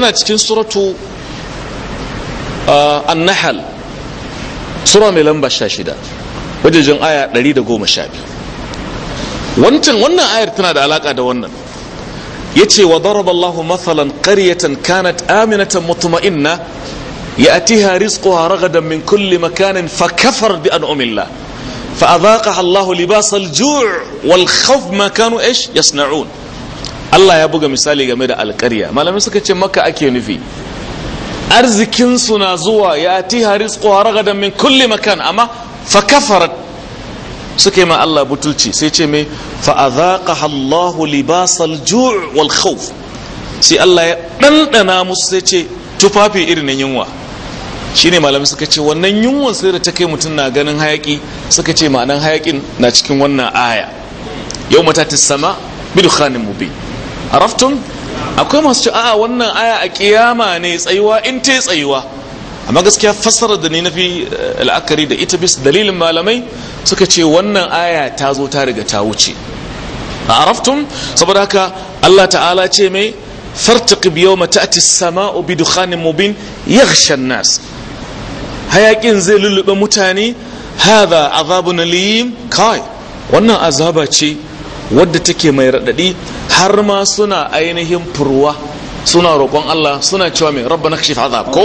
yana cikin suratu annahal sura mai lamba sha shida wajejen aya 112 wancan wannan ayar tana da alaka da wannan ya ce wa daraballahu mathalan qaryatan kanat aminatan mutma'inna يأتيها رزقها رغدا من كل مكان فكفر بأنعم الله فأذاقها الله لباس الجوع والخوف ما كانوا إيش يصنعون Allah ya buga misali game da alƙarya malamai suka ce maka ake nufi arzikinsu na zuwa ya ti haris ragadan min kulli makan amma fa kafarat suka yi ma Allah butulci sai ce mai fa azaqa Allah libasal ju' wal khawf sai Allah ya dandana musu sai ce tufafi irin na yunwa shine malamai suka ce wannan yunwan sai da ta kai mutum na ganin hayaki suka ce ma'anan hayakin na cikin wannan aya yau matatis sama bi mubin araftum akwai masu ce a'a wannan aya a kiyama ne tsayuwa in te tsayuwa amma gaskiya fassara da ni na fi la'akari da ita bis dalilin malamai suka ce wannan aya ta zo ta riga ta wuce a araftun saboda haka Allah ta'ala ce mai fartaqi bi yawma ta'ti as-sama'u dukhanin mubin yaghsha an-nas hayakin zai lullube mutane azabu azabun alim kai wannan azaba ce wadda take mai raɗaɗi har ma suna ainihin furwa suna roƙon Allah suna cewa mai na kashif azab ko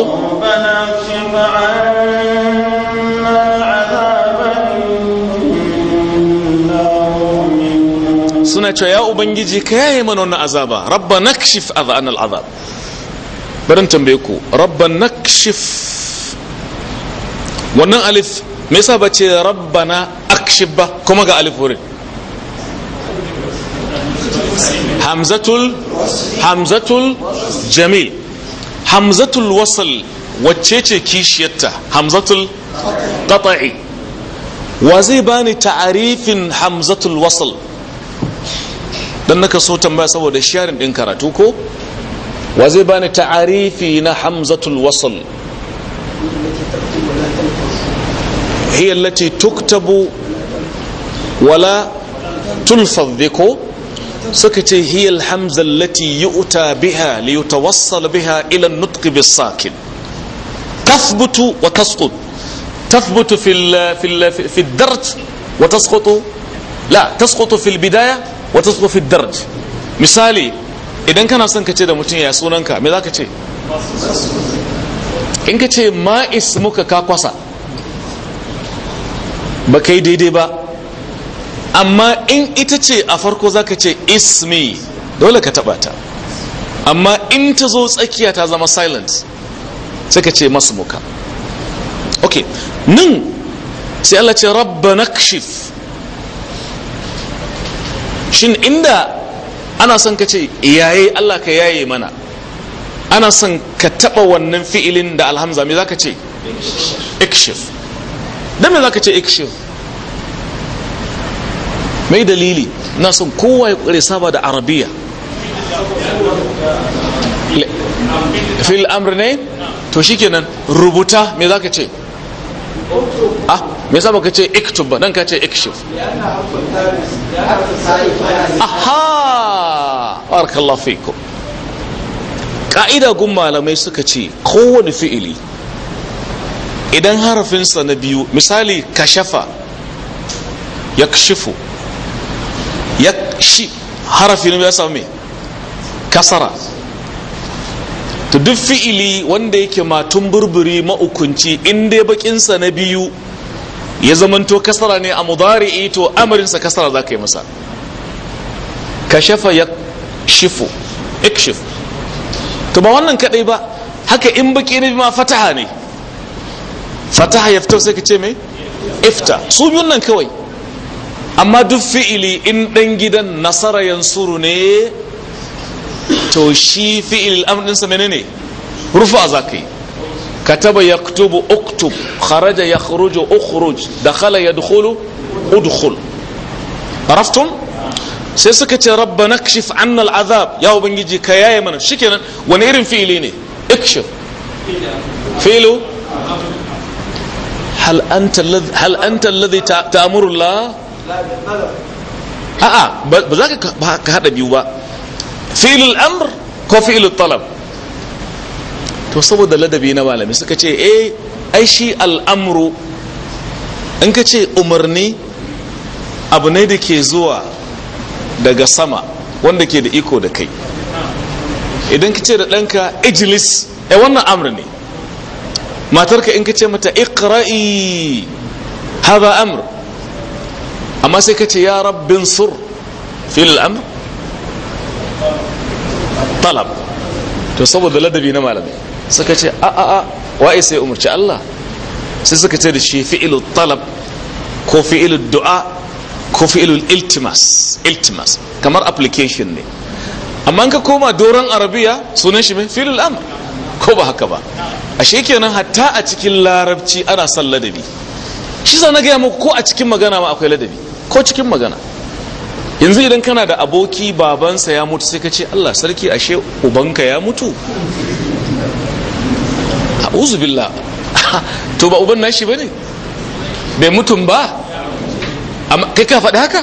suna cewa ya ubangiji ka yaye mana wannan azaba rabbana kashif azab azab barin tambaye ku na kashif wannan alif me sa ba ce rabbana akshif ba kuma ga alif wurin hamzatul hamzatul jamil hamzatul wasl wacce ce kishiyarta hamzatul qata'i wa zai bani ta'arifin hamzatul wasl dan naka so tambaya saboda sharin din karatu ko wa zai bani ta'arifi na hamzatul wasl هي التي تكتب ولا تلفظ suka ce hiyal hamza allati yu'ta biha li yutawassal biha ila nutqi nutq bis-sakin tasbutu wa tasqut tasbutu fi fi fi ad-darj wa tasqutu la tasqutu fil al-bidaya wa tasqutu fi ad-darj misali idan kana son ka ce da mutum ya sunanka me zaka ce in ka ce ma ismuka ka kwasa ba kai daidai ba amma in ita ce a farko zaka ce ismi dole ka taba ta amma in ta zo tsakiya ta zama silent sai ka ce masu muka ok nan sai Allah ce rabba nakshif shin inda ana son ka ce yaye Allah ka yaye mana ana son ka taba wannan fi'ilin da alhamza me zaka ce ikshif dan mai zaka ce ikshif mai dalili na son kowa ya kure saba da arabiya fil amr ne to shikenan rubuta me zaka ce ah me yasa baka ce iktub dan ka ce ikshif aha barakallahu fikum ka'ida gun malamai suka ce kowane fi'ili idan harafinsa na biyu misali kashafa yakshifu ya shi ya samu me kasara to duk fi'ili wanda yake matun burburi ma'ukunci in dai bakinsa na biyu ya zamanto kasara ne a mudari'i to amarinsa kasara za ka yi masa kashafa ya ikshif to ba wannan kadai ba haka in baki na ma fataha ne fataha ya fito sai ka ce mai ifta su biyun nan kawai amma duk fi'ili in ɗan gidan nasara yansuru ne to shi fi'il amdinsa menene rufa za ka yi kataba ya ktubu uktub kharaja ya khuruju ukhruj dakhala ya dukhulu udkhul sai suka ce rabba nakshif anna al'azab ya ubangiji ka yaye mana shikenan wani irin fi'ili ne ikshif fi'lu hal anta alladhi ta'muru a'a ba za ka hada biyu ba fi'lul amr ko fi'lul talab to saboda ladabi na malami suka ce eh ai shi al'amru in ka ce umarni abu ne da ke zuwa daga sama wanda ke da iko da kai idan ka ce da ɗanka ijilis eh wannan amr ne matarka in ka ce mata iqra'i haba amr amma sai ka ce ya rabbin sur fil al'amr talab to saboda ladabi na malamai suka ce a a a waye sai umarci Allah sai suka ce da shi fi'ilu talab ko fi'ilu du'a ko fi'ilu iltimas iltimas kamar application ne amma ka koma doron arabiya sunan shi mai fi'lu al'amr ko ba haka ba ashe kenan hatta a cikin larabci ana son ladabi shi zana gaya muku ko a cikin magana ma akwai ladabi ko cikin magana yanzu idan kana da aboki babansa ya mutu sai ka ce Allah sarki ashe ubanka ya mutu a billah to ba uban nashi ne? bai mutum ba kai ka faɗi haka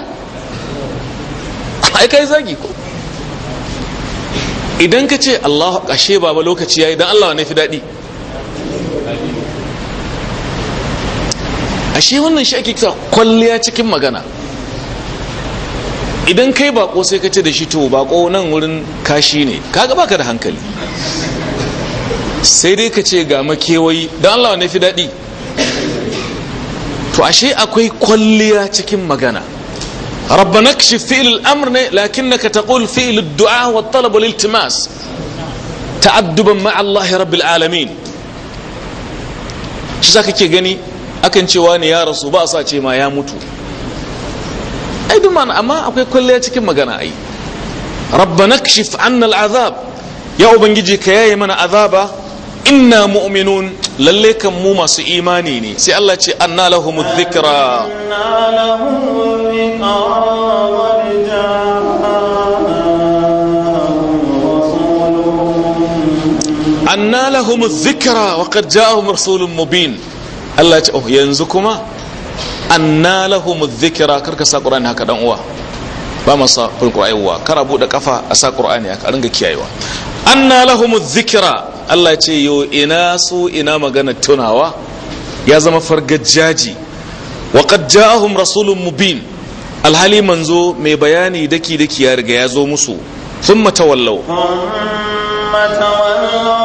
ai kai zagi ko idan ka ce Allah ashe baba lokaci yayi dan Allah ne fi daɗi ashe wannan shi ake kisa kwalliya cikin magana idan kai bako sai ka ce da shi to bako nan wurin kashi ne kaga baka da hankali sai dai ka ce ga makewayi don Allah ne fi daɗi to ashe akwai kwalliya cikin magana rabbana kashi fi'il al'amr ne lakin naka taqul fi'il du'a wa talab iltimas ta'adduban ma Allah rabbil alamin shi ka ke gani akan cewa ne ya rasu ba a sa ce ma ya mutu ai mana amma akwai kwalliya cikin magana ai rabbana kashif azab, al'azab ya ubangiji ka yaye mana azaba inna mu'minun lalle kan mu masu imani ne sai Allah ce anna lahum dhikra anna lahum dhikra anna lahum dhikra wa qad ja'ahum rasulun mubin Allah ce oh yanzu kuma anna lahum zikira karka sa qur'ani haka dan uwa ba ma sa qur'ani uwa kara bude kafa a sa qur'ani haka ringa kiyayewa anna lahum zikira Allah ce yo ina su ina magana tunawa ya zama fargajaji wa qad ja'ahum rasulun mubin alhali manzo mai bayani daki daki ya riga ya zo musu thumma tawallaw thumma tawallaw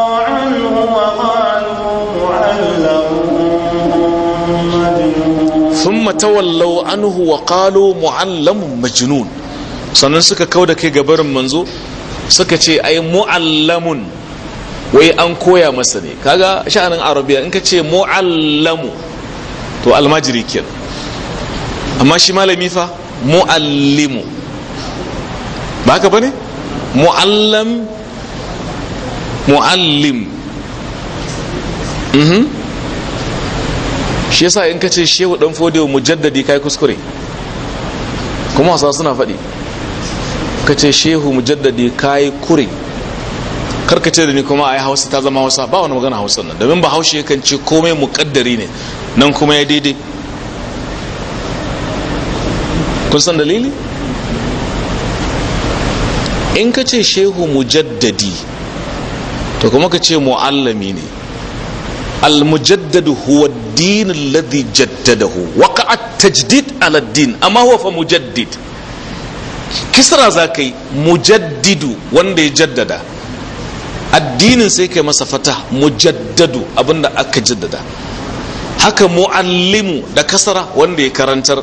thumma tawallaw anhu wa qalu muallamun majnun sannan suka kauda kai gabarin manzo suka ce ai muallamun wai an koya masa ne kaga sha'anin arabiya in ka ce muallamu to almajiri kenan amma shi malami fa muallimu ba haka bane muallam muallim mhm mm shi yasa in ce shehu dan fodewa mujaddadi kai kuskure kuma wasa suna faɗi kace shehu mujaddadi kai kure kar ka ce da ni kuma ai hausa ta zama hausa ba wani magana hausa nan domin ba haushe kan ce komai muƙaddari ne nan kuma ya daidai kun san dalili in ka ce shehu mujaddadi to kuma ka ce mu'allami ne المجدد هو الدين الذي جدده وقع التجديد على الدين أما هو فمجدد كسرى ذاكي مجدد وانده جدد الدين سيكي مسفتة مجدد أبنى أك جدد haka mu'allimu da kasara wanda ya karantar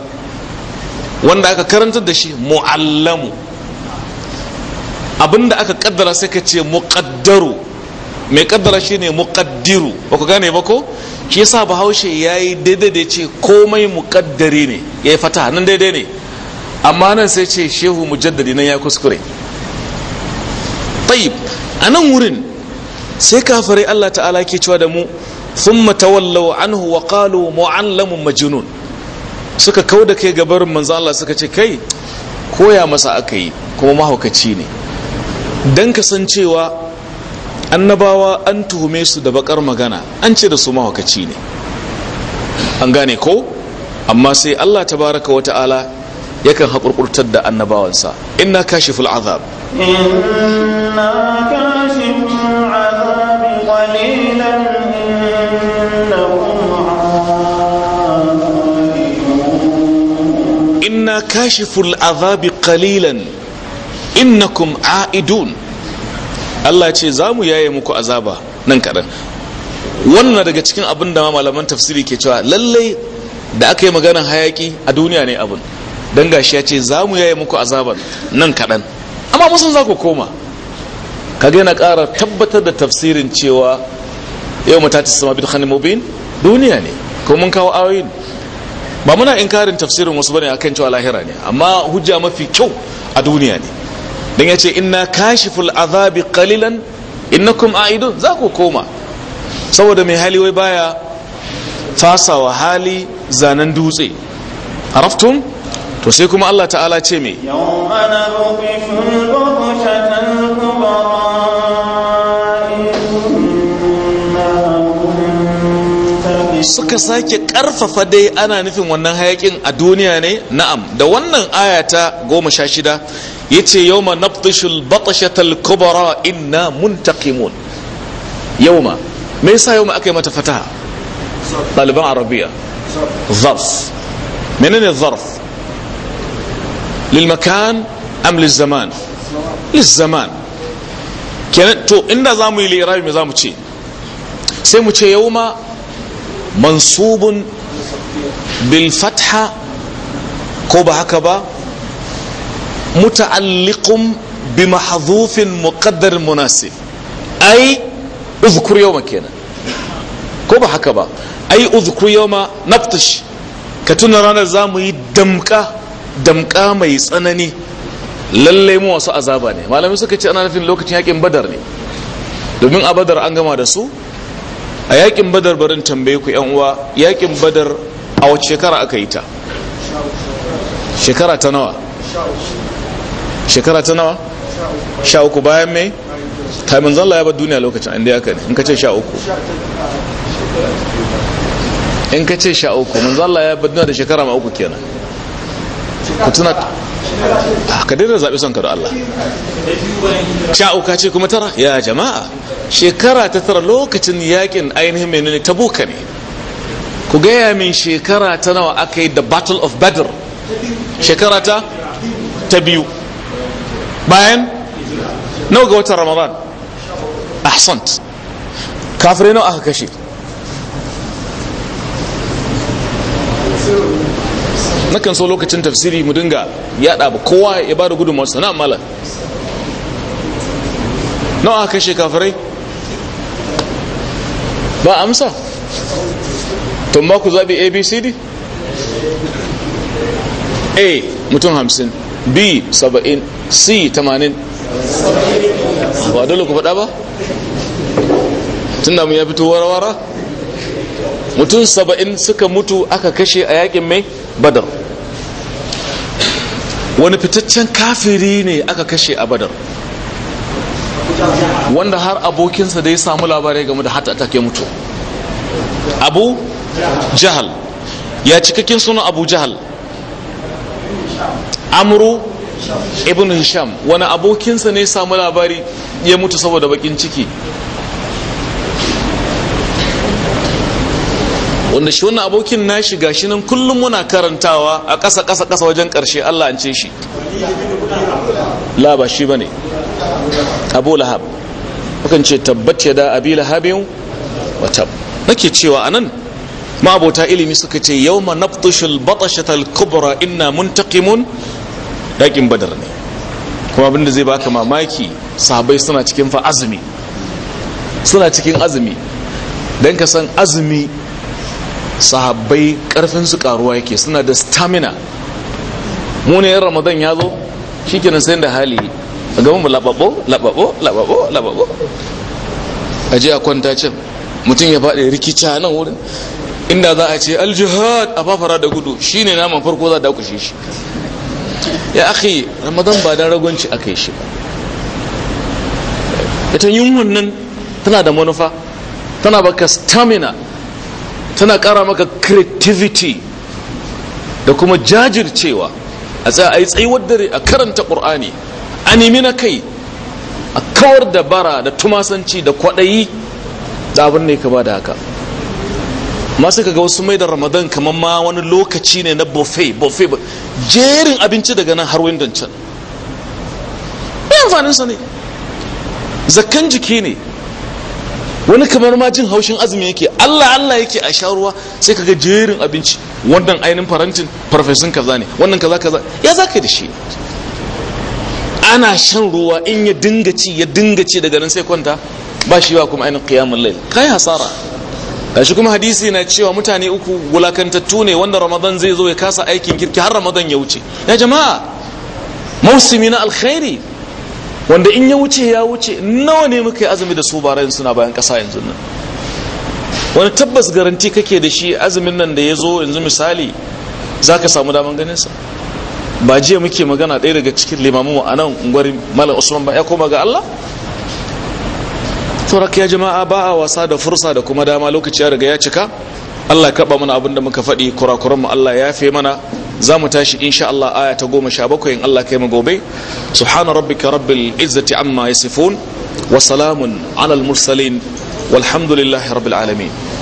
wanda aka karantar da shi mu'allamu abinda aka kaddara sai ka ce muqaddaru mai kaddara shine muqaddiru ba ku gane ba ko shi yasa bahaushe yi daidai da ce komai muqaddari ne yayi fata nan daidai ne amma nan sai ce shehu mujaddadi nan ya kuskure tayyib a nan wurin sai kafirai Allah ta'ala ke cewa da mu thumma tawallaw anhu wa qalu mu'allamun majnun suka da kai gabar manzo Allah suka ce kai koya masa aka yi kuma mahaukaci ne dan kasancewa annabawa an tuhume su da bakar magana an ce da su mahaukaci ne an gane ko amma sai Allah baraka wa ta'ala yakan haƙurƙurtar da annabawansa inna kashiful azab inna kashiful azab qalilan inna innakum a'idun Allah ce za mu yaye muku azaba nan kaɗan wannan daga cikin abin da malaman tafsiri ke cewa lallai da aka yi maganan hayaki a duniya ne abin don gashi ya ce za mu yaye muku azaban nan kaɗan amma musun za ku koma ka gina ƙara tabbatar da tafsirin cewa yau mata ta sama bin hannun duniya ne ko mun kawo ayoyin ba muna inkarin tafsirin wasu bane akan cewa lahira ne amma hujja mafi kyau a duniya ne dan yace inna kashiful azabi qalilan innakum aidun za ku koma saboda mai hali wai baya fasawa hali zanen dutse araftum to sai kuma Allah ta'ala ce me suka sake karfafa dai ana nufin wannan hayakin a duniya ne na'am da wannan ayata goma sha shida yace yawma nabtishul batashatal kubra inna muntaqimun yawma me yasa yawma akai mata fataha ɗaliban arabiya zarf menene zarf للمكان أم للزمان للزمان kenan to inda za mu yi lirabi me za mu ce sai mu ce yauma mansubun bil fatha ko ba haka ba متعلق بمحذوف مقدر مناسب أي اذكر يوم كينا كما حكبا أي اذكر يوم نبطش كتنا رانا زامي دمكا دمكا ما يسأنني lalle mu wasu azaba ne malamai suka ce ana nufin lokacin yakin badar ne domin a badar an gama da su a yakin badar barin tambaye ku yan uwa yakin badar a shekara aka yi ta shekara ta nawa shekara ta nawa sha uku bayan mai kamin zalla ya ba duniya lokacin inda ya kani in ka ce sha uku in ka ce sha uku mun zalla ya ba duniya da shekara ma uku kenan ku tuna ah, ka daina zaɓi son ka da Allah sha uku ce kuma tara ya jama'a shekara ta tara lokacin yakin ainihin mai nuni tabuka ne ku gaya min shekara ta nawa aka yi da battle of badr shekara ta ta biyu bayan nawa ga watan ramadan ahsant kafirai nawa aka kashe nakan so lokacin tafsiri mu dinga yada ba kowa ya ba da gudunmawar sana mala nawa aka kashe kafirai ba amsa tun ba ku zaɓi abcd a mutum hamsin b saba'in c 80 ba dole ku faɗa ba tunda mu ya fito warawara mutum saba'in suka mutu aka kashe a yakin mai badar wani fitaccen kafiri ne aka kashe a badar wanda har abokinsa da ya samu labarai game da hata take mutu abu jahal ya cikakken sunan abu jahal amuru ibn hisham wani abokinsa ne samu labari ya mutu saboda bakin ciki wanda shi wannan abokin na shiga shi nan kullum muna karantawa a ƙasa ƙasa ƙasa wajen ƙarshe Allah an ce shi la ba shi bane abu lahab mukan ce tabbat ya da abi lahabin wa tab nake cewa anan ma'abota ilimi suka ce yawma nabtushul batashatal al-kubra inna muntaqimun dakin badar ne kuma abinda zai baka mamaki sahabai suna cikin fa azumi suna cikin azumi don ka san azumi sahabbai karfinsu karuwa yake suna da stamina muna yin ramadan ya zo shi kenan sayan da hali a gaban mu lababo lababo lababo lababo a a kwanta can mutum ya faɗi rikica nan wurin inda za a ce aljihad a fafara da gudu shine naman farko za da kushe shi ya akhi ramadan ba dan ragunci aka yi shi ba ita yin nan tana da manufa tana baka stamina tana kara maka creativity da kuma jajircewa a tsaya a yi tsayuwar dare a karanta ƙur'ani a nemi na kai a kawar da bara da tumasanci da kwaɗayi da abin ne ka ba da haka masu kaga wasu mai da ramadan kamar ma wani lokaci ne na buffet buffet jerin abinci daga nan har wani can amfanin sa ne Zakan jiki ne wani kamar ma jin haushin azumi yake allah allah yake a sharuwa sai kaga jerin abinci wannan ainihin farantin farfesun kaza ne wannan kaza kaza ya za ka da shi ana shan ruwa in ya dinga ci ya dinga ci daga nan sai kwanta ba shi ba kuma ainihin kiyamun lail kai hasara shi kuma hadisi na cewa mutane uku wulakantattu ne wanda ramadan zai zo ya kasa aikin kirki har ramadan ya wuce ya jama'a mausimi na alkhairi wanda in ya wuce ya wuce nawa ne muka yi azumi da su bara suna bayan kasa yanzu nan wani tabbas garanti kake da shi azumin nan da ya zo yanzu misali za ka samu daman ganin sa ba jiya muke magana ɗaya daga cikin limamin a anan gwari malam usman ba ya koma ga allah sauraka ya jama'a ba a wasa da fursa da kuma dama lokaci ya riga ya cika Allah ya karɓa mana abin da muka faɗi kurakuran mu Allah ya fi mana za mu tashi insha Allah aya ta goma sha bakwai in Allah kai mu gobe subhana rabbika rabbil izzati amma yasifun wa salamun alal mursalin walhamdulillahi rabbil alamin